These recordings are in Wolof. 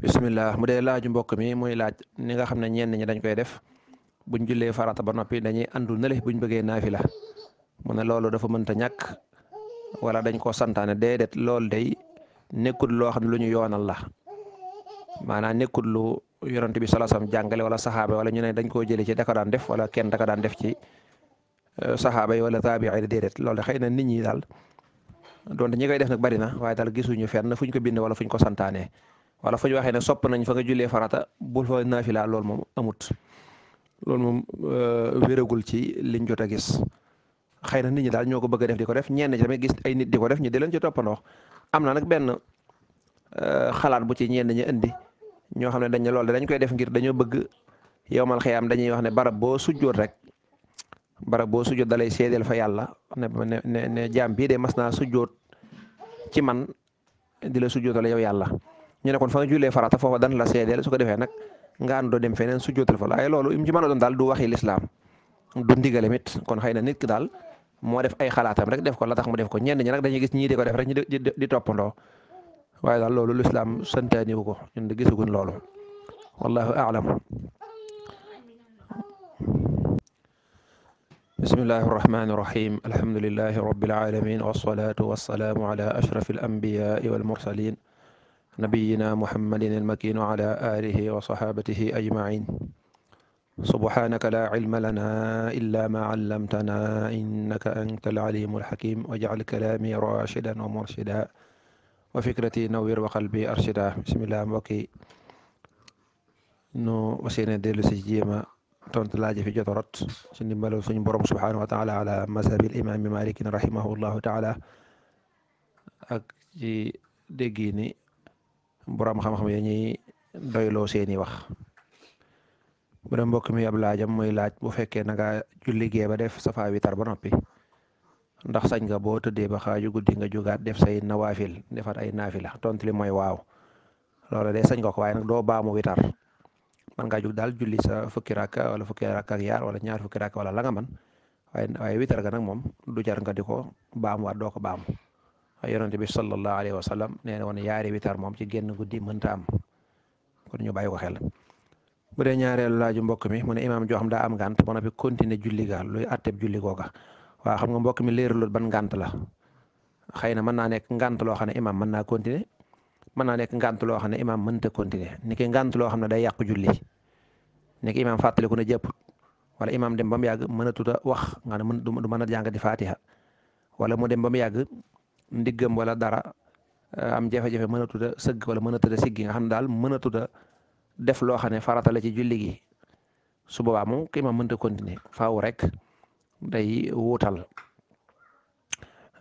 bisimilah mu dee laaju mbokk mi muy laaj ni nga xam ne ñeen ñenn ñi dañ koy def buñ jullee farata ba noppi dañuy àndu nale buñ bëggee naafila mu ne loolu dafa mënta ñàkk wala dañ koo santaane déedéet loolu day nekkul loo xam ne lu ñu yoonal la maanaam nekkul lu yonent bi salaasam jàngale wala saxaaba wala ñu dañ koo jëlee ci daka def wala kenn daka daan def ci euh, saxaaba yi wala taabi'i yi déedéet loolu xëy na nit ñi daal donte ñi koy def nag bari na waaye daal gisuñu fenn fuñ ko bind wala fuñ ko santaane wala fu ñu waxee ne sopp nañ fa nga jullee farata bul fa naafila loolu moom amut loolu moom euh, wéragul ci liñ jot a gis xëy na nit ñi daal ñoo ko bëgg a def di ko def ñeen ci gis ay nit di ko def ñu di leen ci toppandoo am na nag benn euh, xalaat bu ci ñenn ñi indi ñoo xam ne dañ lool dañ koy def ngir dañoo bëgg yowmal xiyaam dañuy wax ne barab boo sujjoot rek barab boo sujjoot da lay seedeel fa yàlla ne ne ne jaam bii de mas naa sujjoot ci man di la sujjootal yow yàlla. ñu ne kon fa nga jullee farata foofa dan la seedeel su ko defee nag nga àndoo dem feneen su jootal fa waaye loolu im ci mën a doon daal du waxi lislaam du ndigalam kon xëy na nit daal moo def ay xalaatam rek def ko la tax mu def ko ñenn ñi nag dañuy gis ñii di ko def rek ñu di di toppandoo waaye daal loolu lislaam santaani wu ko ñun de gisaguñ loolu wallahu aalam bismillahi arrahmani irrahim alhamdulilahi rabbil alamin wassalatu wassalaamu ala ashrafi al anbiyaai wal nabiyina muhammadin almakin wala alihi wa sahabatihi ajmain subhanaka la ilma lana illa ma allamtana innaka anta alalimu alhakim wajal kalami rashidan wa murshida wa fikrati nawwir wa qalbi arshida bismillah mbokki nu waseene dellu si jéema tontu laaj fi jotorot ci ndimbalu suñu borom subhanahu wa taala ala mazhabil imami malikin rahimahullahu taala ak ci déggi ni boroom xam-xam yi ñuy doyloo seeni wax bu dee mbokk mi laajam muy laaj bu fekkee na nga julli gee ba def safa witar ba noppi ndax sañ nga boo tëddee ba xaaju guddi nga jugaat def say nawaafil defaat ay naafila tontu li mooy waaw loolu de sañ nga ko waaye nag doo baamu witar man ngaa daal julli sa fukki rakka wala fukki rakka ak wala ñaar fukki rakka wala la nga man waaye waaye witar ga nag moom du jar nga di ko baamuwaat doo ko baamu yonente bi sallallahu alayhi wa sallam nee na woon yaari witar moom ci génn guddi mënta am kon ñu bàyyi ko xel bu dee ñaareelu laaju mbokk mi mu a imaam joo xam daa am ngànt ba noppi continuer julli ga luy atteb julli googa waaw xam nga mbokk mi leeralul ban ngànt la xëy na mën naa nekk ngànt loo xam ne imaam mën naa continuer mën naa nekk loo xam ne imaam mënta continuer ni ki ngànt loo xam ne day yàq julli ni ki imaam fàttaliku na jëpp wala imaam dem ba mu yàgg mënatut a wax nga ne du mën a jàng di fatiha wala mu dem ba mu yàgg ndiggam wala dara eh, am jafe-jafe mën a tudd a mën a tudd a siggi xam ne daal mën a def loo xam ne farata la ci julli gi su boobaa moom kii ma mënta continuer faaw rek day wuutal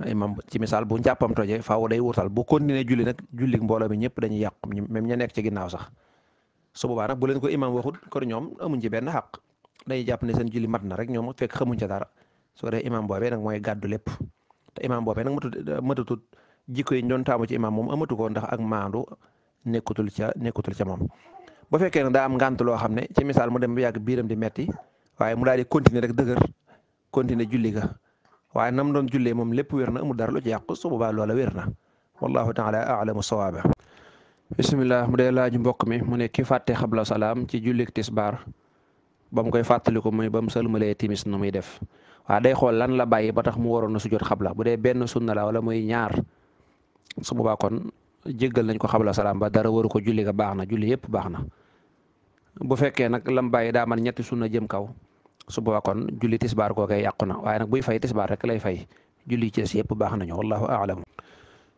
imam ci misaal bu njàppam toje faaw day wuutal bu continuer julli nag julli mbooloo mi ñëpp dañuy yàqu même ña nekk ci ginnaaw sax su boobaa nag bu leen ko imam waxut kon ñoom amuñ ci benn xaq day jàpp ne seen julli mat na rek ñoom fekk xamuñ ca dara soo dee imam boobee nag mooy gàddu lépp te imaam boobee nag matut matutut jikko yi ñu doon taamu ci imaam moom amatu ko ndax ak maandu nekkatul ca nekkatul ca moom bu fekkee ne daa am ngànt loo xam ne ci misaal mu dem ba yàgg biiram di metti waaye mu daal di continuer rek dëgër continuer julli ga waaye nam doon jullee moom lépp wér na amul dara lu ci yàqu su boobaa loola wér na wallahu taala alamu sawaaba bisimilah mu dee laaju mbokk mi mu ne ki fàtte xabla salaam ci jullik tisbaar ba mu koy fàttaliku muy ba mu sëlmalee timis nu muy def waaw ah, day xool lan la bàyyi ba tax mu waroon a sujjóot xabla bu dee benn sunna la wala muy ñaar su boobaa kon jéggal nañ ko xabla salaam ba dara waru ko julli ga baax na juli yëpp baax na bu fekkee nag lam bàyyi daa man ñetti sun sunna jëm kaw su boobaa kon julli tisbaar kookee yàqu na waaye nag buy fay tisbaar rek lay fay julli ci des yëpp baax nañu wallahu aalam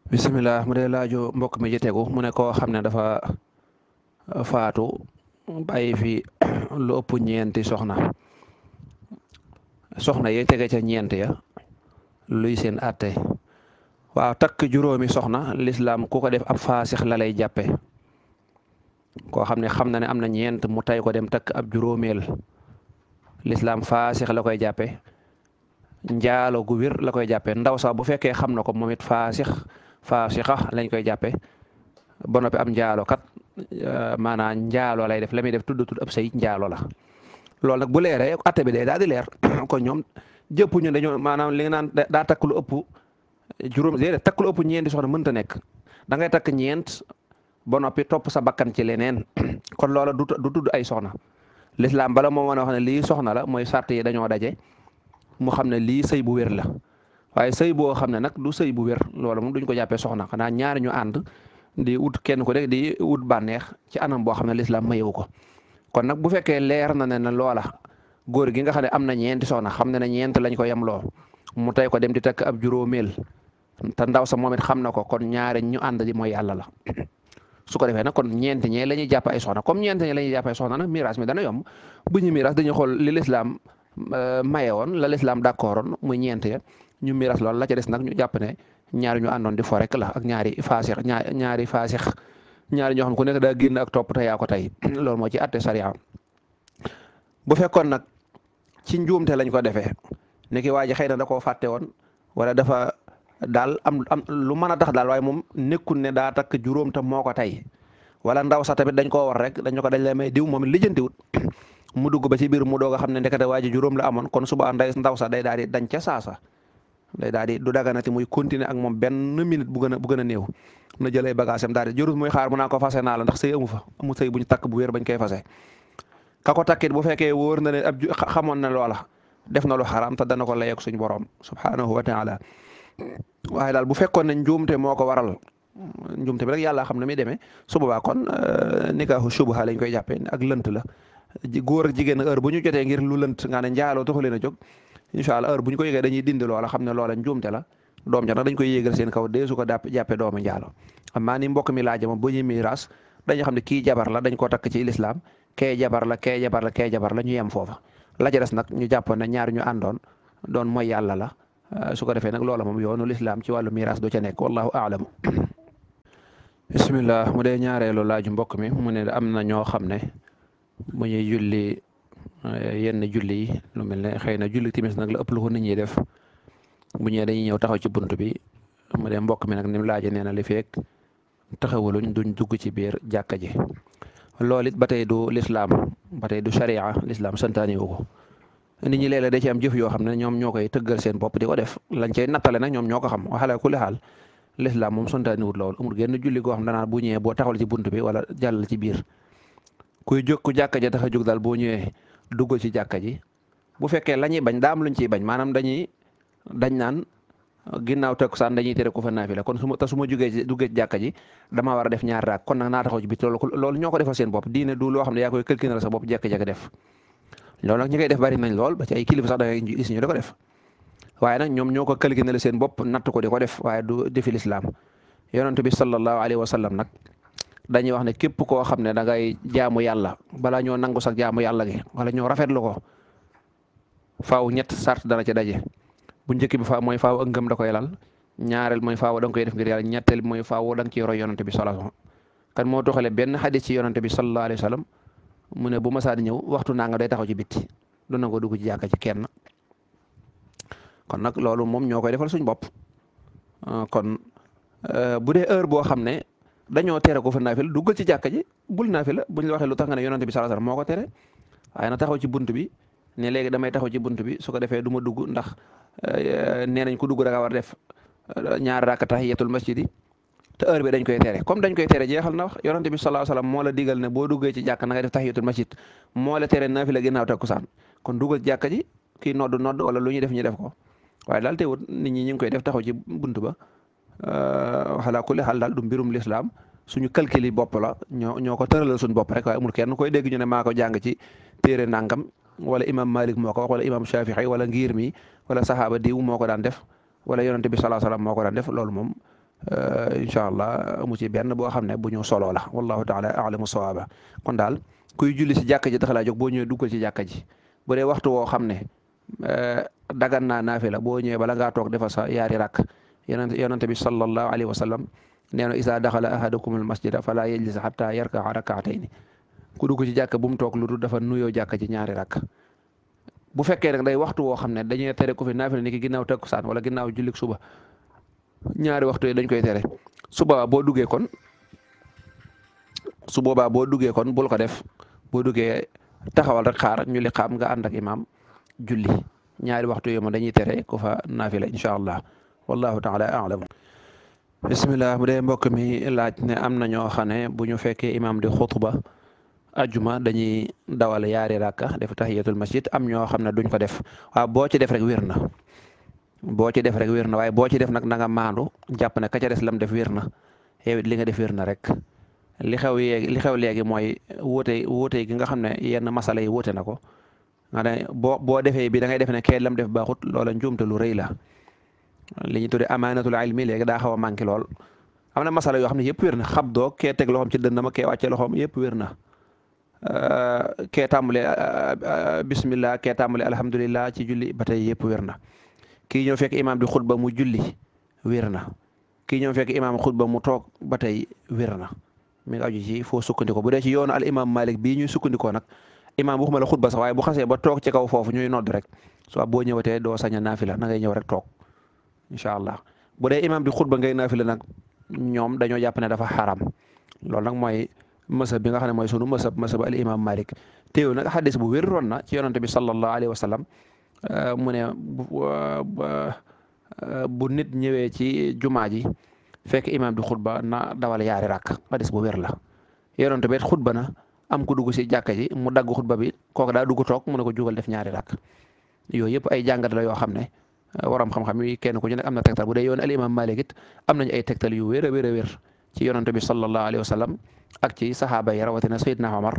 bisimilah mu dee laaju mbokk mi ji tegu mu ne koo xam ne dafa faatu bàyyi fi lu ëpp ñeenti soxna soxna ye tege ca ñeent ya luy seen atte waaw takk juróomi soxna lislaam ku ko def ab faasix la lay jàppe koo xam ne xam na ne am na ñeent mu tay ko dem takk ab juróomeel lislaam faasix la koy jàppe njaalo gu wér la koy jàppe ndaw sax bu fekkee xam na ko moom it faasix faasixa lañ koy jàppe ba noppi am njaalo kat euh, maanaam njaalo lay def la muy def tudd tudd ab say njaalo la loolu nag bu leeree atte bi day daal di leer kon ñoom jëpp ñu dañoo maanaam li nga naan daa takk lu ëpp juróom déedéet takk lu ëpp ñeenti soxna mënta nekk da ngay takk ñeent ba noppi topp sa bakkan ci leneen kon loola du du ay soxna lislaam bala moo mën a wax ne lii soxna la mooy sart yi dañoo daje mu xam ne lii sëy bu wér la waaye sëy boo xam ne nag du sëy bu weer loola moom duñ ko jàppee soxna xanaa ñaari ñu ànd di ut kenn ko rek di ut bànneex ci anam boo xam ne lislaam mayewu ko kon nag bu fekkee leer na ne ne loola góor gi nga xam ne am na ñeenti soxna xam ne ne ñeent lañ koy yem loo mu tey ko dem di takk ab juróomeel te ndaw sa moom xam na ko kon ñaare ñu ànd mooy yàlla la su ko defee nag kon ñeent ñee la ñuy jàpp ay soxna comme ñeent ñee la ñuy jàpp ay soxna nag miraas mi bu ñu miraas dañuy xool li lislaam euh, maye woon la lislaam d'accordoon muy ñeent ya ñu miraas loolu la ca des nag ñu jàpp ne ñaari ñu àndoon di rek la ak ñaari faasix ñaari faasix ñaari ñoo xam ku nekk daa génn ak topp te yaa ko tey loolu moo ci atte sariya bu fekkoon nag ci te lañ ko defee ne ki waa xëy na da koo fàtte woon wala dafa daal am am lu mën a tax daal moom nekkul ne daa takk juróom te moo ko tey wala ndaw sax tamit dañ koo war rek dañ ko dañ la may diw moom it lijjantiwut mu dugg ba ci biir mu doog a xam ne ndekete waa ji juróom la amoon kon suba ndaw sax day daal di dañ ca saasa day daal di du daganati muy continuer ak moom benn minute bu gën a bu a néew na jël ay bagages am daal di jërut muy xaar mu naa fase naa la ndax sëy amu fa amu sëy bu ñu takk bu wér bañ koy fase ka ko takkit bu fekkee woor na ne ab xamoon na loola def na lu xaraam ta dana ko layeeg suñ borom subhanahu a taala waaye daal bu fekkoon ne njuumte moo ko waral njuumte bi rek yàlla xam na muy demee su boobaa kon euh, nikaahu shubha lañ koy jàppee ak lant la góor ak jigéen heure bu ñu jotee ngir lu lënt nga ne njaaloo taxu leen a jóg incha allah heure bu ñu ko yëgee dañuy dindi loola xam ne loola njuumte la doom ja nag dañ koy yéegal seen kaw dee su ko dàpp jàppe doomu njaalo amaa ni mbokk mi laaja ma bu ñuy miiras dañu xam ne kii jabar la dañ ko takk ci lislaam kee la kee jabar la kee jabar foofa la ca des nag ñu jàppoon ne ñaar ñu àndoon doon mooy yàlla la ah, su ko defee nag loola moom yoonu lislaam ci wàllu miiras du ca nekk wallahu aalamu bismillah mu dee ñaareelu laaju mbokk mi mu ne am na ñoo xam ne mu ñuy Eh, yenn julli yi lu mel ne xëy na julli timis nag la ëpp lu ko nit def bu ñëwee dañuy ñëw taxaw ci bunt bi mu dem mbokk mi nag ni mu laajee nee na li feek taxawaluñ duñ dugg ci biir jàkka ji loolu it ba tey du lislaam ba tey du sharia lislaam santaani wu ko nit ñi léeg da ci am jëf yoo xam ne ñoom ñoo koy tëggal seen bopp di ko def lañ cay nattale na ñoom ñoo ko xam waxala ku li xaal lislaam moom santaani wut loolu amul genn julli goo xam danaa bu ñëwee boo taxawal ci bunt bi wala jàll ci biir kuy jóg ku ja tax jóg daal boo ñëwee dugg ci jàkka ji bu fekkee la ñuy bañ daam am luñ ciy bañ maanaam dañuy dañ naan ginnaaw takkusaan dañuy tere ku fa naafila kon su ma te ma jugee duggee ci ji damaa war a def ñaar raak kon na naa taxaw ci biti loolu loolu ñoo ko defal seen bopp diine du loo xam ne yaa koy këlkinal def loolu nag ñi def bari nañ lool ba ay kilifa sax da ngay gis ñu def waaye nag ñoom ñoo ko këlkinal seen bopp natt ko di ko def waaye du defi lislaam yonent bi sallallahu alayhi wa sallam nag dañuy wax ne képp koo xam ne da ngay jaamu yàlla bala ñoo nangu sax jaamu yàlla gi wala ñoo lu ko faaw ñett sart dana ci daje bu njëkk bi faaw mooy faaw ak ngëm da koy lal ñaareel mooy faaw da koy def ngir yàlla ñetteel bi mooy faaw da nga ciy roy yonante bi sallallahu kan moo doxale benn xadis ci yonante bi sallallahu alayhi wa mu ne bu masaa di ñëw waxtu naa day taxaw ci bitti du nangoo dugg ci jàkka ci kenn kon nag loolu moom ñoo koy defal suñ bopp kon euh, bu heure boo xam ne dañoo tere ko fa naafila duggal ci jàkka ji bul naafila buñ la waxee lu tax nga ne yonante bi sallallahu ko tere waaye na taxaw ci bunt bi ne léegi damay taxaw ci bunt bi su ko defee du ma dugg ndax eh, nee nañ ko dugg da nga war def eh, ñaari rakka tahiyatul masjid yi te heure bi dañ koy tere comme dañ koy tere jeexal na wax yonante bi sallallahu alayhi wasallam moo la digal ne boo duggee ci jàkka na nga def tahiyatul masjid moo la tere naafila ginnaaw takkusaan kon duggal ci jàkka ji kii nodd nodd wala lu ñuy def ñu def ko waaye daal teewut nit ñi ñu ngi koy def taxaw ji buntu ba waxalaa euh, kulli xaal daal du mbirum lislaam suñu calcul bopp la ñoo ñoo ko tëralal suñu bopp rek waaye amul kenn koy dégg ñu ne maa ko jàng ci téere nangam wala imam Malik moo ko wax wala imam Shafi'i wala ngir mi wala saxaaba diw moo ko daan def wala yonente bi sallallahu alayhi moo ko daan def loolu moom euh, incha allah amu benn boo xam ne bu ñu soloo la wallahu taala alamu sawaaba kon daal kuy julli si jàkka ji tax laa jóg boo ñëwee duggal ci jàkka ji bu dee waxtu woo xam ne euh, dagan naa naafi la boo ñëwee bala ngaa defal sa yaari rakk yonent yonent bi sallallahu alayhi wa sallam nee na isaa daxala ahadukum al masjida fala yajlis xatta yarkaa rakaatayni ku dugg ci jàkk bu mu toog lu dul dafa nuyoo jàkk ci ñaari rakk bu fekkee nag day waxtu woo xam ne dañuy tere ku fi naafila ki ginnaaw takkusaan wala ginnaaw jullik suba ñaari waxtu yi dañ koy tere suba boo duggee kon su boobaa boo duggee kon bul ko def boo duggee taxawal rek xaar ñu li xam nga ànd ak imaam julli ñaari waxtu yooyu moom dañuy tere ku fa naafila incha allah wallahu taala alam bisimilah bu dee mbokk mi laaj ne am na ñoo xam ne bu ñu fekkee imaam di xutba ajuma dañuy dawal yaari rakka def tahiyatul masjid am ñoo xam ne duñ ko def waaw boo ci def rek wér na boo ci def rek wér na waaye boo ci def nag na nga maandu jàpp ne ka ca des lam def wér na yow it li nga def wér na rek li xew yeeg li xew léegi mooy wuute wuute gi nga xam ne yenn masala yi wuute na ko nga ne boo boo defee bi da ngay def ne kee lam def baaxut loola njuumte lu rëy la. li ñu tuddee amaanatul ilmi léegi daa xaw a manqué lool am na masala yoo xam ne yëpp wér na xab doo kee teg loxoom ci dënnama kee wàcce loxoom yëpp wér na euh, kee tàmbale euh, euh, bismillah kee tàmbale ci julli ba tey yëpp wér na kii ñoo fekk imaam di xutba mu julli wér na kii ñoo fekk imaam xutba mu toog ba tey wér na mi ngi aju ci foo sukkandikoo bu dee ci al imaam Malik bii ñuy sukkandikoo nag imaam waxuma la xutba sax waaye bu xasee ba toog ci kaw foofu ñooy nodd rek soit boo ñëwatee doo sañ a naafila na ngay ñëw rek toog incha allah bu dee imaam di xutba ngay naafila nag ñoom dañoo jàpp ne dafa xaram loolu nag mooy masab bi nga xam ne mooy sunu masab masab al imaam Malik teew na xadis bu wér roon na ci yonante bi sallallahu alayhi wa sallam euh, mu ne euh, bu nit ñëwee ci jumaa ji fekk imaam di xutba na dawal yaari rakk xadis bu wér la yonante bi xutba na am ku dugg si jàkka ji mu dagg xutba bi kooku daa dugg toog mu ne ko jugal def ñaari rakk yooyu yëpp ay jàngat la yoo xam ne. waram xam-xam yi kenn ku ci nekk am na tegtal bu dee yoon al imam am nañu ay tegtal yu wér a wér a wér ci yonante bi sallallahu alayhi wa sallam ak ci saxaaba yi rawatina Seydina Omar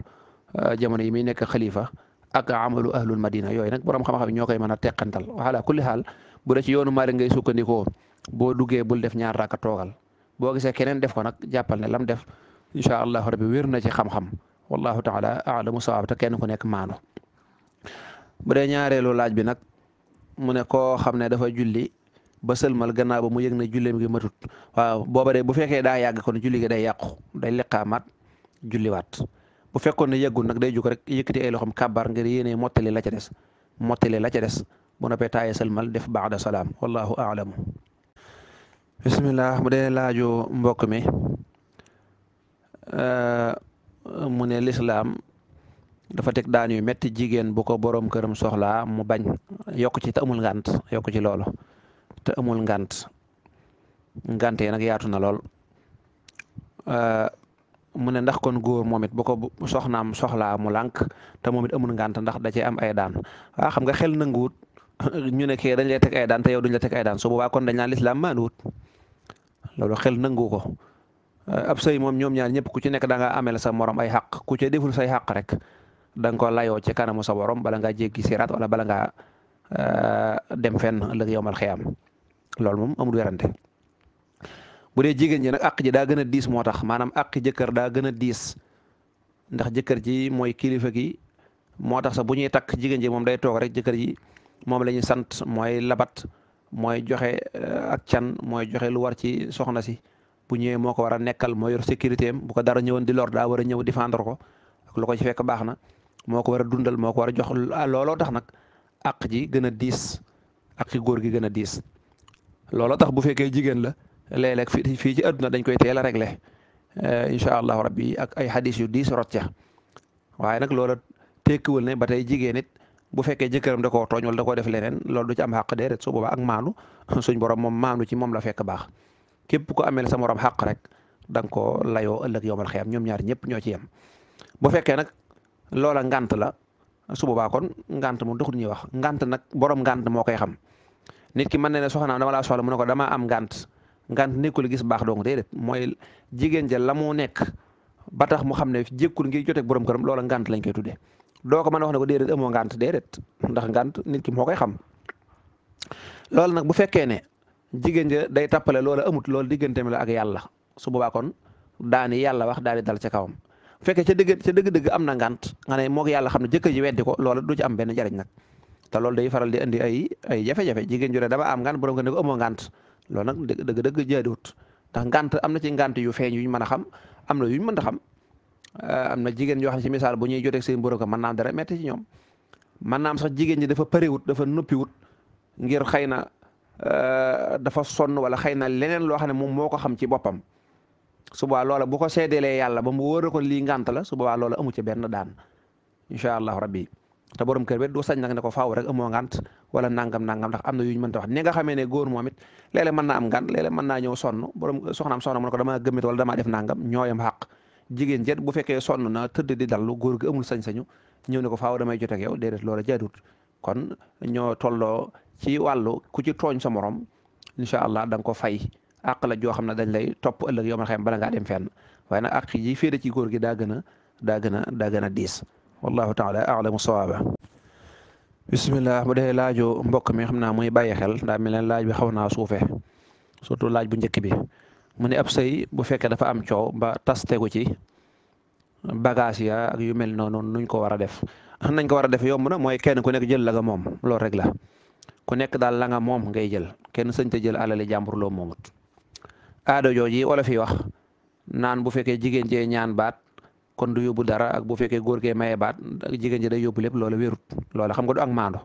euh, jamono yi muy nekk xalifa ak amalu ahlul madina yooyu nak borom xam-xam yi ñoo koy mën a teqantal wala kulli xaal bu dee ci yoonu Malik ngay sukkandikoo boo duggee bul def ñaar raaka toogal boo gisee keneen def ko nag jàppal ne lam def incha allahu rabbi wér na ci xam-xam wallahu taala alamu sawaab te kenn ku nekk maano bu dee ñaareelu laaj bi nag mu ne koo xam ne dafa julli ba sëlmal gannaaw ba mu yëg ne julleem gi matut waaw booba bu fekkee daa yàgg kon julli gi day yàqu day liqaamaat julliwaat bu fekkoon ne yëggul nag day jóg rek yëkkati ay loxoom kàbbar ngir yéenee mottali la ca des mottali la ca des bu noppee taaye sëlmal def baada salaam wallahu aalamu bismillah mu dee laaju mbokk mi mu ne lislaam dafa teg daan yu métti jigéen bu ko borom këram soxlaa mu bañ yokk ci te amul ngant yokk ci loolu te amul ngant ngante yi nag yaatu na lool mu ne ndax kon góor moom it bu ko soxnaam soxlaa mu lank te moom it amul ngant ndax da cee am ay daan waa xam nga xel nanguwut ñu ne kii dañ lay teg ay daan te yow duñ la teg ay daan su waa kon dañ naan lislaam maanuwut loolu xel nangu ko ab sëy moom ñoom ñaan ñëpp ku ci nekk da nga amel sa morom ay xaq ku ci deful say xaq rek. da nga ko layoo ci kanamu sa borom bala ngaa jéggi siraat wala bala ngaa euh, dem fenn ëllëg yowmal xiyaam loolu moom amul werante bu dee jigéen ji nag àq ji daa gën a diis moo tax maanaam àq jëkkër daa gën a diis ndax jëkkër ji mooy kilifa gi moo tax sax bu ñuy takk jigéen ji moom day toog rek jëkkër ji moom la ñuy sant mooy labat mooy joxe euh, ak can mooy joxe lu war ci soxna si bu ñëwee moo ko war a nekkal moo yor sécurité bu ko dara ñëwoon di lor daa war a ñëw défendre ko ak lu ko ci fekk baax na moo ko war a dundal moo ko war a jox ah, looloo tax nag àq ji gën a diis àqi góor gi gën a diis looloo tax bu fekkee jigéen la léeg fi fii ci àdduna dañ koy teel a régler eh, incha allahu rabbi ak ay xadis yu diis rot ca waaye nag loola tekkiwul ne ba tey jigéen it bu fekkee jëkkëram da koo tooñ da koo def leneen loolu du ci am xàq déedéet su boobaa ak maandu suñ borom moom maandu ci moom la fekk baax képp ko amel sa morom xàq rek da koo layoo ëllëg yowmal xiyam ñoom ñaar ñëpp ñoo ci yem fekkee nag loola ngant la su boobaa kon ngant moom doxul ñuy wax ngant nag borom ngant moo koy xam nit ki mën na ne soxnaam dama laa soxla mu ne ko damaa am ngant ngant nekkul gis baax donc déedéet mooy jigéen ja la mu nekk ba tax mu xam ne jékkul ngir joteeg borom këram loola ngant lañ koy tuddee doo ko mën a wax ne ko déedéet amoo ngant déedéet ndax ngant nit ki moo koy xam loolu nag bu fekkee ne jigéen ja day tappale loola amut loolu digganteem la ak yàlla su boobaa kon daani yàlla wax daal di kawam fekkee ca dëgg ca dëgg-dëgg am na ngànt nga ne moo ko xam ne jëkkër ji weddi ko loola du ci am benn njariñ nag te loolu day faral di indi ay ay jafe-jafe jigéen ju dama am ngànt borom nga ne ko amoo ngànt loolu dëgg dëgg jaaduwut ndax ngànt am na ci ngànt yu feeñ mën a xam am na yuñ mën a xam euh, am na jigéen yoo xam ne ci misaal bu ñuy joteeg seen borom ko mën naa dara metti ci ñoom mën naa am sax jigéen ñi dafa parewut dafa noppiwut ngir xëy na euh, dafa sonn wala xëy na leneen loo xam ne moom moo ko xam ci boppam suba boobaa loola bu ko seedeelee yàlla ba mu wóor ko lii ngànt la su boobaa loola amu ci benn daan incha allahu rabbi te borom kër bi du sañ nak ne ko faawu rek amoo ngànt wala nangam nangam ndax am na yu ñu mënta wax ni nga xamee ne góor moom it mën naa am ngànt mën naa ñëw sonn borom soxnaam sonn mu ne ko damaa gëmmit wala def nangam ñooyam xaq jigéen jet bu fekkee sonn na tëdd di dallu góor gi amul sañ-sañu ñëw ne ko faaw damay jot ak yow déedéet loola jaadut kon ñoo tolloo ci wàllu ku ci tooñ sa morom incha allah da nga ko fay àq la joo xam ne dañ lay topp ëllëg yow ma xam bala ngaa dem fenn waaye na àq yi féete ci góor gi daa gën a daa gën a daa gën a diis wallahu taala alamu sawaaba bisimilah bu dee laajo mbokk mi xam naa mooy bàyyi xel ndaa mi leen laaj bi xaw naa suufe surtout laaj bu njëkk bi mu ne ab sëy bu fekkee dafa am coow ba tas tegu ci bagage ya ak yu mel noonu nuñ ko war a def nañ ko war a def yomb na mooy kenn ku nekk jël la moom loolu rek la ku nekk daal la moom ngay jël kenn sëñ te jël alali jàmbur loo aado jooji wala fi wax naan bu fekkee jigéen jee ñaan baat kon du yóbbu dara ak bu fekkee góor gee maye baat jigéen ji day yóbbu lépp loola wérut loola xam nga du ak maando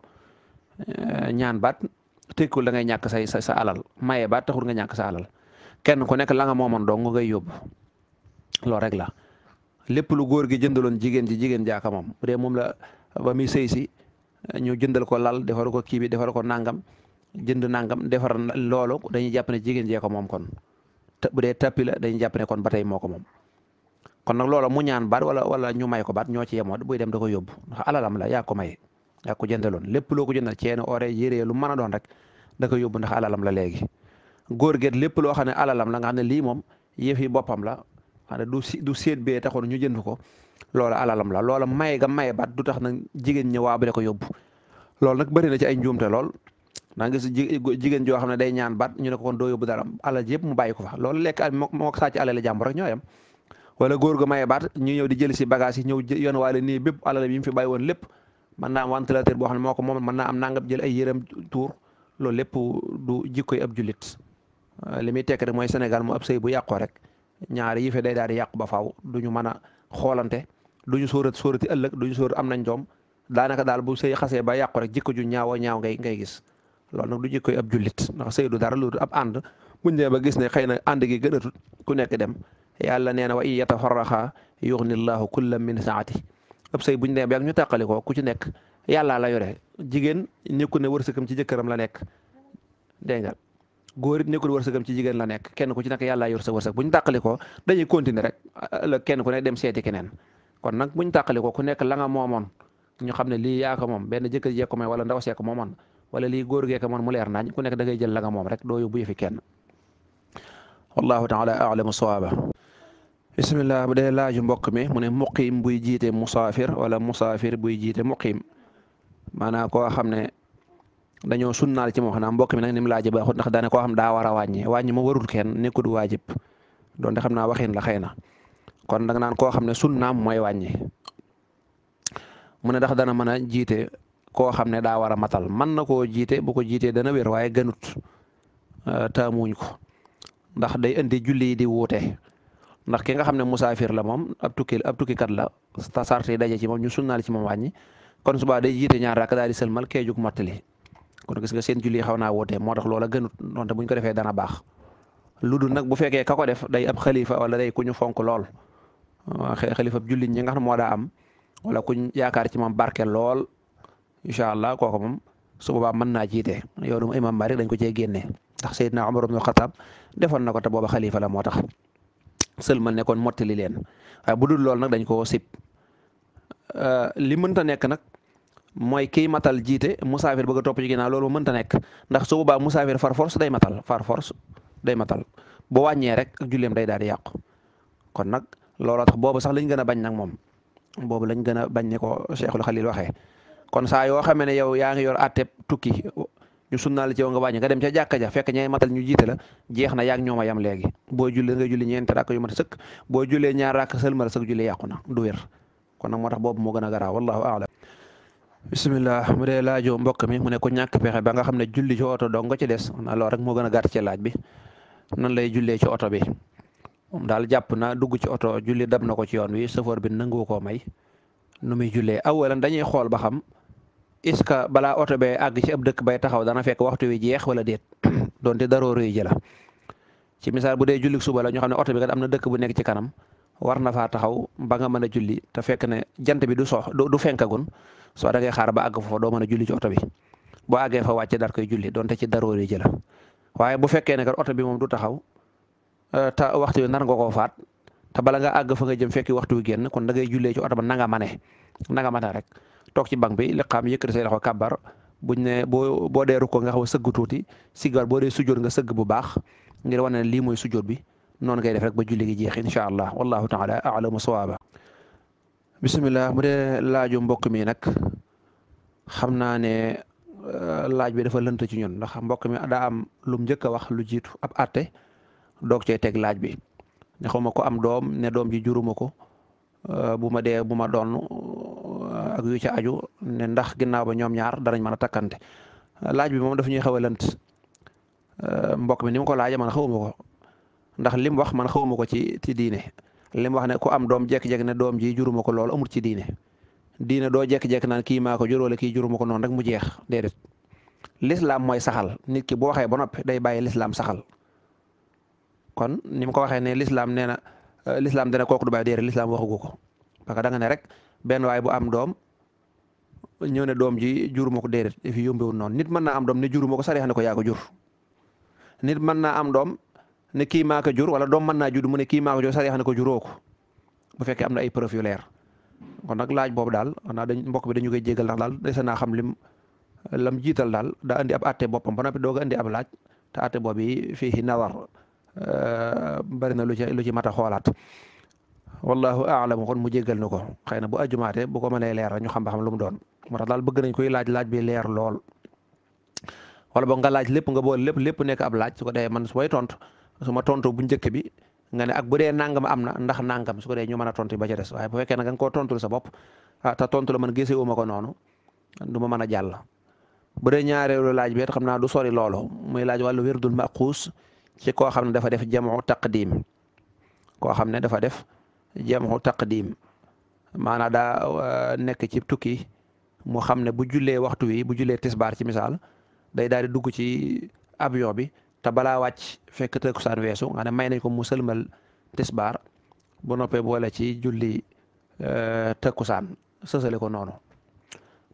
eh, ñaan baat tekkul da ngay ñàkk say sa sa alal maye baat nga ñàkk sa alal kenn ku nekk la moomoon dong ngay yóbbu loolu rek la lépp lu góor gi jëndaloon jigéen ji jigéen jaaka moom bu moom la ba muy sëy si ñu jëndal ko lal defar ko kii bi defar ko nangam jënd nangam defar loolu dañuy jàpp ne jigéen jee ko moom kon bu dee tapis la dañuy ne kon ba tey moo ko moom kon nag loola mu ñaan baat wala wala ñu may ko baat ñoo ci yemoo buy dem da ko yóbbu ndax alalam la yaa ko maye yaa ko jëndaloon lépp loo ko jëndal ceenu ore yéree lu mën a doon rek da yóbbu ndax alalam la léegi góor geet lépp loo xam ne alalam la nga xam ne lii moom yëf yi boppam la xam ne du du seet bee taxoon ñu jënd ko loola alalam la loola maye ga maye baat du tax na jigéen ñi waabale ko yóbbu loolu nag bëri na ci ay njuumte lool naa gis jigéen joo xam ne day ñaan baat ñu ne ko kon doo yóbbu dara alal ji mu bàyyi ko fa loolu lekk moo ko sàcc alal jàmbur rek ñooyam wala góor gu maye baat ñu ñëw di jël si bagage yi ñëw yoon waale nii bépp alal bi fi bàyyi woon lépp mën naa am ventilateur boo xam ne moo ko moom mën naa am nangam jël ay yërëm tuur loolu lépp du jikkoy ab julit euh, li muy tekk rek mooy Sénégal moo ab sëy bu yàqoo rek ñaari yi day daal di yàqu ba faaw du ñu mën a xoolante du ñu sóorat sóorati ëllëg du ñu sóorat am nañ doom daanaka daal bu sëy xasee ba yàqu rek jikko ju ñaaw ñaaw ngay ngay gis loolu nag du jikkoy ab jullit ndax sëy du dara lu ab ànd buñ ne ba gis ne xëy na ànd gi gënatut ku nekk dem yàlla nee na wa in yatafarraqa yughni llahu kullam min saati ab sëy buñ ne ba ñu tàqali ko ku ci nekk yàllaa la yore jigéen nekku ne wërsëgam ci jëkkëram la nekk dégg nga góor it nekkul wërsëgam ci jigéen la nekk kenn ku ci nekk yàllaa yor sa bu ñu tàqali ko dañuy rek ëllëg kenn ku nekk dem seeti keneen kon nag buñ tàqali ko ku nekk la nga moomoon ñu xam ne lii yaa ko moom benn jëkkër jee ko may wala ndaw see ko moomoon wala lii góor gee ka mu leer nañ ku nekk da ngay jël la nga moom rek doo yóbbu yëfi kenn wallahu taala alamu sawaaba bismillah laaju mbokk mi mu ne muqim buy jiite musaafir wala musaafir buy jiite muqim maanaam koo xam ne dañoo sunnaal ci moo xam naa mbokk mi nag ni mu laaje ndax daane ko xam daa war a wàññi wàññi ma warul kenn nekkul waajib doonte xam naa waxin la xëy na kon da nga naan koo xam ne sunnaam mooy wàññi mu ne ndax dana mën jiite koo xam ne daa war a matal man na koo jiite bu ko jiitee dana wér waaye gënut euh, taamuñ ko ndax day indi julli di wuute ndax ki nga xam ne musaafir la moom ab tukki ab tukkikat la ta sart yi daje ci moom ñu sunnaal ci moom wàññi kon suba day jiite ñaar raka daal di sëlmal kee jug mattali kon gis nga seen julli xaw na wootee moo tax loola gënut donte buñ ko defee a baax lu dul nag bu fekkee ka ko def day ab xalifa wala day ku fonk lool xalifa jullit ñi nga xam ne am incha allah kooku moom su boobaa mën naa jiite yow dama imam Malik dañ ko cee génne ndax Seydina Omar ibn Khattab defoon na ko te booba xalifa la moo tax sëlmal ne kon mottali leen waaye bu dul loolu nag dañ koo sib euh, li mënta nekk nag mooy kiy matal jiite musaafir bëgg a topp ci ginnaaw loolu mënta nekk ndax su boobaa musaafir far force day matal far force day matal boo wàññee rek ak julleem day daal di yàqu kon nag looloo tax boobu sax lañ gën a bañ nag moom boobu lañ gën a bañ ne ko Cheikhul Khalil waxee kon saa yoo xamee ne yow yaa ngi yor àtte tukki ñu sunnaal ci yow nga wàññi nga dem ca jàkka ja fekk ñay matal ñu jiite la jeex na yaag ñooma yam léegi boo julli nga julli ñeenti rakk yu mat sëkk boo jullee ñaar rakk sëlmal sëkk julli yàqu na du wér kon nag moo tax boobu moo gën a garaaw wallahu aalam bisimilah mu dee laajo mbokk mi mu ne ko ñàkk pexe ba nga xam ne julli ci oto dong nga ci des na loolu rek moo gën a gàtt ci laaj bi nan lay jullee ci oto bi moom daal jàpp na dugg ci oto julli dab na ko ci yoon wi chauffeur bi nangu koo may nu muy jullee awalan dañuy xool ba xam est-ce que balaa oto bee àgg ci dëkk bay taxaw dana fekk waxtu wi jeex wala déet donte darooru yi jëla ci misaal bu dee julli suba la ñu xam ne oto bi kat am na dëkk bu nekk ci kanam war na faa taxaw ba nga mën a julli te fekk ne jant bi du sox du fenkagun soo da ngay xaar ba àgg foofa doo mën a julli ci oto bi boo àggee fa wàcce daal koy julli donte ci darooru yi jëla waaye bu fekkee ne kat oto bi moom du taxaw euh, te waxtu wi nar nga koo faat te bala nga àgg fa nga jëm fekki waxtu wi génn kon da ngay jullee ci oto ba nanga mane nanga mane rek toog ci banc bi liqaam yëkkati say loxo kàbbar buñ ne boo boo dee rukkoo nga xaw sëgg tuuti siggar boo dee sujjoot nga sëgg bu baax ngir wane ne lii mooy sujjoot bi noonu ngay def rek ba julli gi jeex incha allah wallahu taala alamu sawaaba bisimilah mu dee laaju mbokk mi nag xam naa ne euh, laaj bi dafa lënt ci ñun ndax mbokk mi daa am lum njëkk a wax lu jiitu ab àtte doog cee teg laaj bi ne xaw ma ko am doom ne doom ji juruma ko Euh, bu ma dee bu ma doon euh, ak yu ca aju ne ndax ginnaaw ba ñoom ñaar darañ mën a takkante laaj bi moom daf ñuy xaw a lënt euh, mbokk mi ni ko laajee man xawuma ko ndax lim wax man xawuma ko ci ci diine lim wax ne ku am doom jékki-jékki doom ji juruma ko loolu amul ci diine diine doo jékki-jékki naan kii maa ko juróole kii juruma ko noonu rek mu jeex déedéet lislaam mooy saxal nit ki boo waxee ba noppi day bàyyi lislaam saxal kon ni ko waxee ne lislaam nee Euh, lislaam dana kooku du bàyyi déedéet lislaam waxugu ko parce que da nga ne rek benn waay bu am doom ñëw ne doom ji juruma ko déedéet fi yombewul noon nit mën na am doom ne juruma ko sariyaax ne ko yaa ko jur nit mën naa am doom ne kii maa ko jur wala doom mën naa judd mu ne kii maa ko jur sariyaax ne ko juróo bu fekkee am na ay preuve yu kon nag laaj boobu daal xanaa dañ mbokk bi dañu koy jégal nax daal dese naa xam lim lam jiital daal daa andi ab atte boppam ba noppi doog a andi ab laaj te atte boobu fii nawar Euh, bari na lu ci lu ci mat a xoolaat wallahu aalamu kon mu jéggal nu ko xëy na bu ajumaate bu ko mënee leer ñu xam ba xam lu mu doon moo ta daal bëgg nañ koy laaj laaj bi leer lool wala boog nga laaj lépp nga boole lépp lépp nekk ab laaj su ko dee man su may tontu su ma tontu bu njëkk bi nga ak bu dee nangam am na ndax nangam su ko dee ñu mën a tont ba ca des waaye bu fekkee na nga ko tontul sa bopp ah te la man gisee wu ma ko noonu du ma mën a jàll bu dee ñaareelu laaj bi xam naa du sori loolu muy laaj wàllu wérdul maquus ci koo xam ne dafa def jamu taqdim koo xam ne dafa def jamu taqdim maanaam daa euh, nekk ci tukki mu xam ne bu jullee waxtu wi bu jullee tisbaar ci misaal day daal di dugg ci avion bi te balaa wàcc fekk tëkkusaan weesu nga ne may nañ ko mu sëlmal tisbaar bu noppee boole ci julli euh, tëkkusaan sësale ko noonu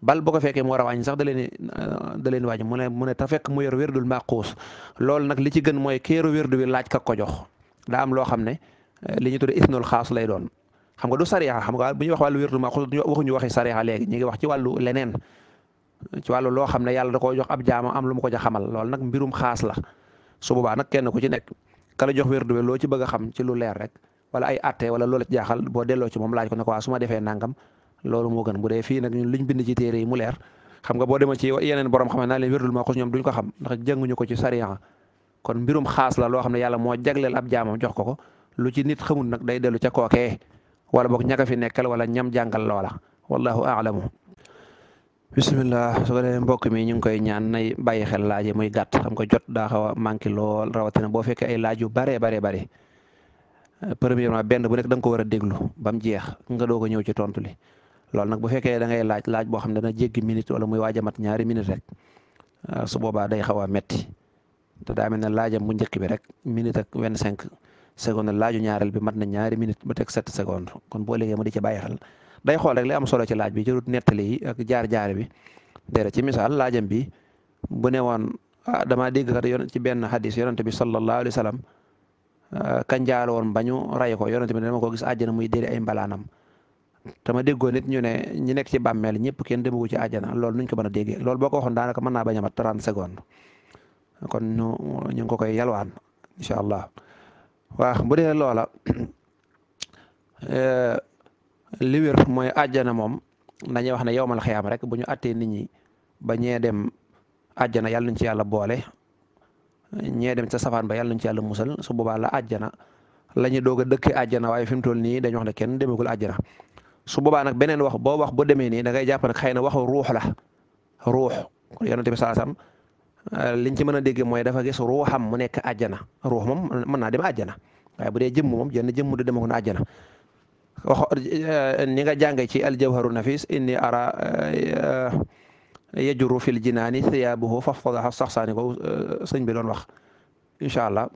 bal bu ko fekkee mu wara a wàññi sax da leen euh, da leen wàññi mu ne mu ne te fekk mu yor wérdul maaquus loolu nag li ci gën mooy keeru wérdu bi laaj ka ko jox daa am loo xam ne euh, li ñu tuddee isnul xaas lay doon xam nga du sariya xam nga bu ñuy wax wàllu wérdul maaquus waxuñu waxi sariya léegi ñu ngi wax ci wàllu leneen ci wàllu loo xam ne yàlla da koo jox ab jaama am lu mu ko ja xamal loolu nag mbirum xaas la su boobaa nag kenn ku ci nekk kala jox wérdu bi loo ci bëgg xam ci lu leer rek wala ay atte wala loola ci jaaxal boo delloo ci moom laaj ko ne ko waa su ma defee nangam loolu moo gën bu dee fii nag ñun liñ bind ci téere yi mu leer xam nga boo demee ci yeneen borom xam naa leen wérdul ma xus ñoom duñ ko xam ndax jànguñu ko ci sariya kon mbirum xaas la loo xam ne yàlla moo jagleel ab jaamam jox ko ko lu ci nit xamul nag day dellu ca kookee wala boog ñaka fi nekkal wala ñam jàngal loola wallahu aalamu bisimilah su ko defee mbokk mi ñu ngi koy ñaan nay bàyyi xel laaj yi muy gàtt xam nga jot daa xaw a manqué lool rawatina boo fekkee ay laaj yu baree baree bare premièrement benn bu nekk da ko war a déglu ba mu jeex nga doog a ñëw ci tontu li loolu nag bu fekkee da ngay laaj laaj boo xam ne dana jéggi minute wala muy waaja mat ñaari minute rek ah, su boobaa day xaw a metti te daa laajam bu njëkk bi rek minute ak vingt cinq seconde laaju ñaareel bi mat na ñaari minute ba teg sept seconde kon boo léegi mu di ci bàyyi xel day xool rek li am solo ci laaj bi jërut nettali yi ak jaar-jaar bi dere ci misaal laajam bi bu ne woon ah damaa dégg kat yon ci benn xadis yonente bi sallallahu alayhi wa sallam ah, kanjaal woon ba ñu ray ko yonente bi dama ko gis àjjana muy déri ay mbalaanam tama déggoo nit ñu ne ñi nekk ci bàmmeel ñëpp kenn demagu ci àjjana loolu nuñ ko mën a déggee loolu boo ko waxoon daanaka mën naa bañ a mat 30 kon ñu ñu ngi ko koy yalwaan incha allah waa bu dee loola euh, li wér mooy àjjana moom nañuy wax ne yowmal xiyaam rek bu ñu attee nit ñi ba ñee dem àjjana yàlla ci yàlla boole ñee dem ca safaan ba yàlla nañ ci yàlla musal su boobaa la àjjana la ñu doog a dëkkee àjjana waaye fi mu toll nii dañu wax ne kenn demagul àjjana su boobaa nag beneen wax boo wax boo demee nii dangay ngay jàpp xëy na waxu ruux la ruux kon yonent bi saa liñ ci mën a dégg mooy dafa gis ruuxam mu nekk àjjana ruux moom mën naa dem àjjana waaye bu jenn jëmm du demagum nga jàngee ci aljawharu nafis inni ara eh, yajuru fil jinaani thiyaabuhu faftadaha saxsaani ko eh, sëñ bi doon wax incha allah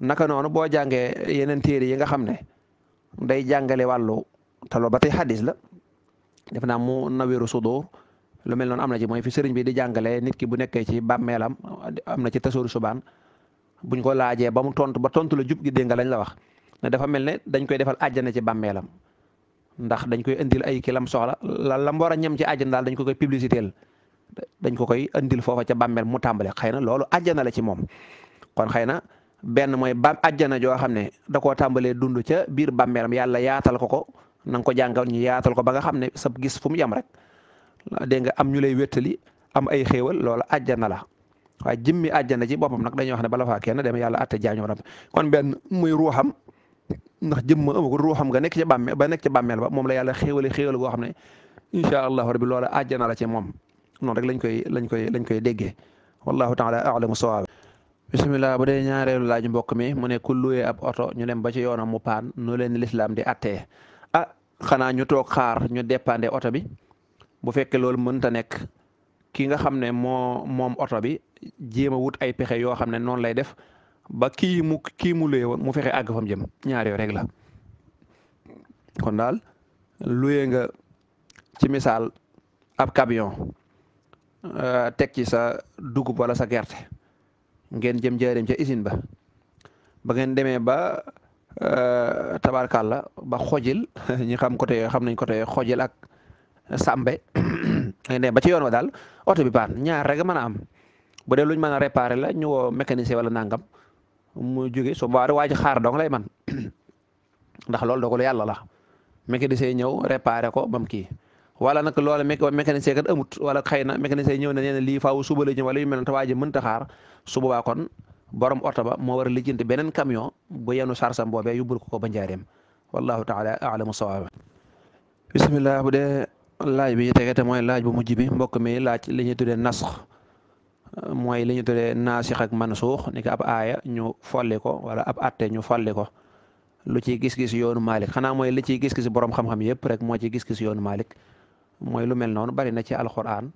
naka noonu boo jàngee yeneen téere yi nga xam ne day jàngale wàllu te loolu ba tey xadis la def naa mu naweeru sudur lu mel noon am na ci mooy fi sëriñ bi di jàngalee nit ki bu nekkee ci bàmmeelam am na ci tasooru subaan buñ ko laajee ba mu tontu ba tontu la jub gi dégg nga lañ la wax ne dafa mel ne dañ koy defal àjjana ci bàmmeelam ndax dañ koy indil ay kilam soxla la la mu war a ñem ci àjjana dañ ko koy publicité dañ ko koy indil foofa ca bàmmeel mu tàmbale xëy na loolu àjjana la ci moom kon xëy na benn mooy ba àjjana joo xam ne dako koo tàmbalee dund ca biir bàmmeelam yàlla yaatal ko na nga ko jàngal ñu yaatal ko ba nga xam ne sab gis fu mu yem rek dégg nga am ñu lay wéttali am ay xéewal loola àjjana la waaye jëmmi àjjana ci boppam nag dañuy wax ne bala faa kenn dem yàlla atte jaañu rab kon benn muy ruuxam ndax jëmm amagul ruuxam nga nekk ca bàmmeel ba nekk ci bàmmeel ba moom la yàlla xéewale xéewal goo xam ne incha allahu rabbi loola àjjana la ci moom noonu rek lañ koy lañ koy lañ koy déggee wallahu taala alamu sawaab bisimilah bu dee ñaareelu laaj mbokk mi mu ne ku luwee oto ñu dem ba ci yoonam mu paan nu leen lislaam di attee xanaa ñu toog xaar ñu dépendé oto bi bu fekkee loolu mënta nekk ki nga xam ne moo moom oto bi jéem a wut ay pexe yoo xam ne noonu lay def ba kii mu kii mu luye woon mu fexe àgg fam jëm ñaar yoo rek la kon daal luye nga ci misaal ab camion euh, teg ci sa dugub wala sa gerte ngeen jëm jaareem ca usine ba ba ngeen demee ba Euh, la ba xojil ñi xam côté yooyu xam nañ côté xojil ak sàmbe ne ba ci yoon wa daal oto bi paan ñaar rek mën a am bu luñ mën a réparer la ñu woo mécanicien wala nangam mu jóge su boobaa waaj xaar dong lay man ndax loolu dogalu yàlla la mécanicien ñëw réparer ko bam kii wala nag lool mé mécanicien kat amut wala xëy na mécanicien ñëw na nee na lii faaw suba la ñëw wala yu mel ne te waa ji mënta xaar su boobaa kon borom oto ba moo war a lijjanti beneen camion bu yenu sarsam boobee yóbbul ko ko ba njaareem wallahu taala alamu sawaaba bisimilah bu dee laaj bi ñu te mooy laaj bu mujj bi mbokk mi laaj li ñuy tuddee nasx mooy li ñu tuddee naasix ak mansuux ni ko ab aaya ñu folli ko wala ab atte ñu folli ko lu ci gis-gis yoonu Malik xanaa mooy li ciy gis-gis borom xam-xam yëpp rek moo ciy gis-gis yoonu Malik mooy lu mel noonu bari na ci alquran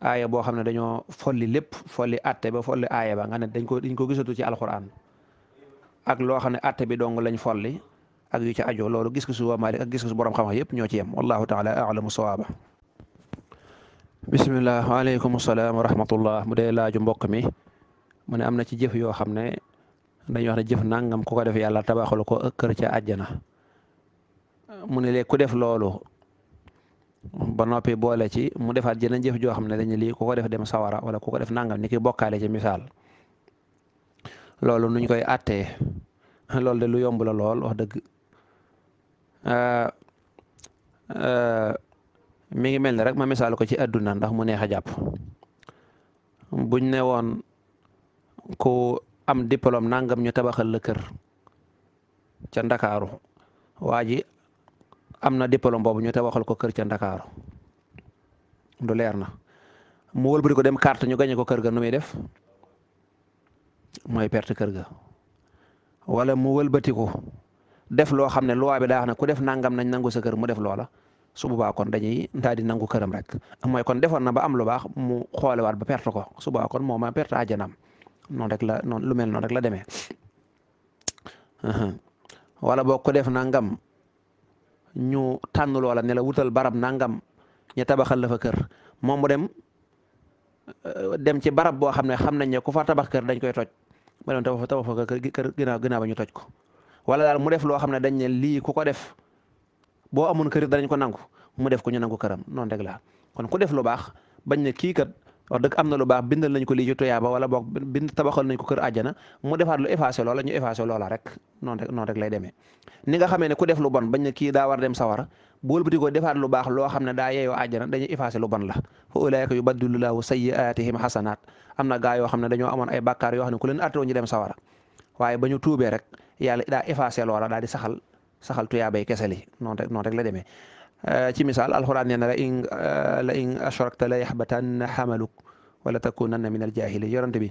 aaya boo xam ne dañoo folli lépp folli atte ba folli aaya ba nga ne dañ ko dañ ko gisatu ci alxuraan ak loo xam ne atte bi dong lañ folli ak yu ci ajo loolu gis-gisu waa Maalik gisu borom xam-xam yëpp ñoo ci yem wallahu taala alamu sawaaba bismillah waaleykum salaam wa rahmatullah mu de laaju mbokk mi mu ne am na ci jëf yoo xam ne dañuy wax jëf nangam ku ko def yàlla tabaxal ko kër ca àjjana mu ne léegi ku def loolu ba noppi boole ci mu defaat jeneen jëf joo xam ne dañu lii ku ko def dem sawara wala ku ko def nangam ni ki bokkaale ci misaal loolu nuñ koy àttee loolu de lu yomb la lool wax dëgg mi ngi mel ni rek ma misaal ko ci adduna ndax mu neex a jàpp buñ ne woon ku am diplôme nangam ñu tabaxal la kër ca Ndakaaru waa am na diplôme boobu ñu tabaxal ko kër ca Ndakaaru du leer na mu wëlbati ko dem carte ñu gañe ko kër nu muy def mooy perte kër ga wala mu wëlbatiku def loo xam ne loi bi daa wax ne ku def nangam nañ nangu sa kër mu def loola su boobaa kon dañuy daal di nangu këram rek mooy kon defoon na ba am lu baax mu xoolewaat ba perte ko su kon moo ma perte àjjanaam noonu rek la noonu lu mel noonu rek la demee wala boo ko def nangam. ñu tànn loola ne la wutal barab nangam ñu tabaxal la fa kër moom mu dem euh, dem ci barab boo xam ne xam nañ ne ku fa tabax kër dañ koy toj mu dem tabax tabax fa kër ginnaaw ginnaaw ba ñu toj ko wala daal mu def loo xam ne dañ ne lii ku ko def boo amun kër dañ ko nangu mu def ko ñu nangu këram noonu rek la kon ku def lu bañ ne kii wax dëgg am na lu baax bindal nañ ko lii ci tuyaaba wala boog bind tabaxal nañ ko kër àjjana mu defaat lu effacé loola ñu effacé loola rek noonu rek noonu rek lay demee ni xamee ne ku def lu bon bañ ne kii daa war dem sawara bu wëlbatikoo defaat lu baax loo xam ne daa yeeyoo àjjana dañuy effacé lu bon la fa ulaayka yubaddilu laahu sayyi'aatihim xasanaat am na gaa yoo xam ne dañoo amoon ay bàkkaar yoo xam ne ku leen o ñu dem sawara waaye ba ñu tuubee rek yàlla daa effacé loola daa di saxal saxal tuyaabay kese li noonu rek noonu la demee Eh, ci misaal alxuraan nee na la in eh, la in ashrakta la yaxbatan xamaluk wala na min al jaahili yorante bi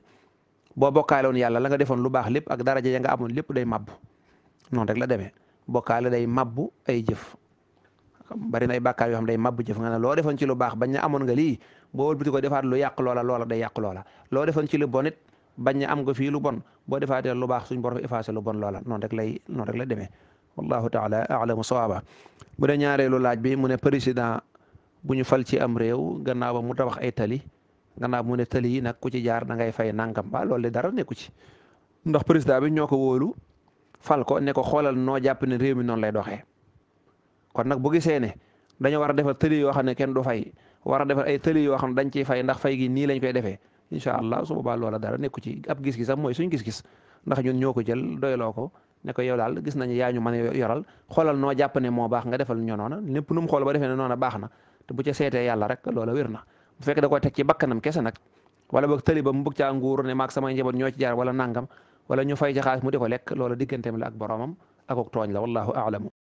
boo bokkaaloon yàlla la nga defoon lu baax lépp ak daraja ya nga amoon lépp day mabbu noonu rek la demee bokkaale day mabbu ay jëf bari na ay bàkkaar yoo xam day mabbu jëf ne loo defoon ci lu baax bañ na amoon nga lii boo wëlbati ko defaat lu yàq loola loola day yàq loola loo defoon ci lu bon bañ na am nga fii lu bon boo defaatee lu baax suñ borom effacé lu bon loola noonu rek lay noonu rek la demee wallahu taala alamu sawaaba bu dee ñaareelu laaj bi mu ne président bu ñu fal ci am réew gannaaw ba mu tabax ay tali gannaaw mu ne tali yi nag ku ci jaar da ngay fay nangam ba loolu de dara nekku ci ndax président bi ñoo ko wóolu fal ko ne ko xoolal noo jàpp ne réew mi noonu lay doxee kon nag bu gisee ne dañoo war a defar tëli yoo xam ne kenn du fay war a defar ay tëli yoo xam ne dañ ciy fay ndax fay gi ni lañ koy defee incha allah su boobaa loola dara nekku ci ab gis-gisam mooy suñ gis-gis ndax ñun ñoo ko jël doyloo ko ne ko yow daal gis nañu yaa ñu mën yoral xoolal noo jàpp ne moo baax nga defal ñoo noona lépp nu mu xool ba defee ne noona baax na te bu ca seetee yàlla rek loola wér na bu fekk da koo teg ci bakkanam kese nag wala boog tëli ba mu bëgg caa nguur ne maag samay njaboot ñoo ci jaar wala nangam wala ñu fay ci xaalis mu di ko lekk loola digganteem la ak boromam ak ak tooñ la wallahu aalamu